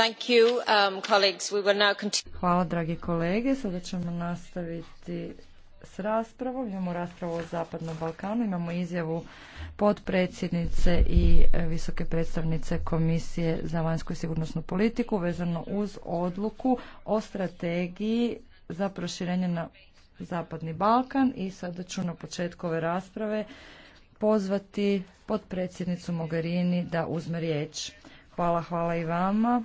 Um, hvala dragi kolege. Sada ćemo nastaviti s raspravom. Imamo raspravu o Zapadnom Balkanu. Imamo izjavu potpredsjednice i visoke predstavnice Komisije za vanjsku i sigurnosnu politiku vezano uz odluku o strategiji za proširenje na Zapadni Balkan. I sada ću na početku ove rasprave pozvati potpredsjednicu Mogherini da uzme riječ. Hvala, hvala i vama.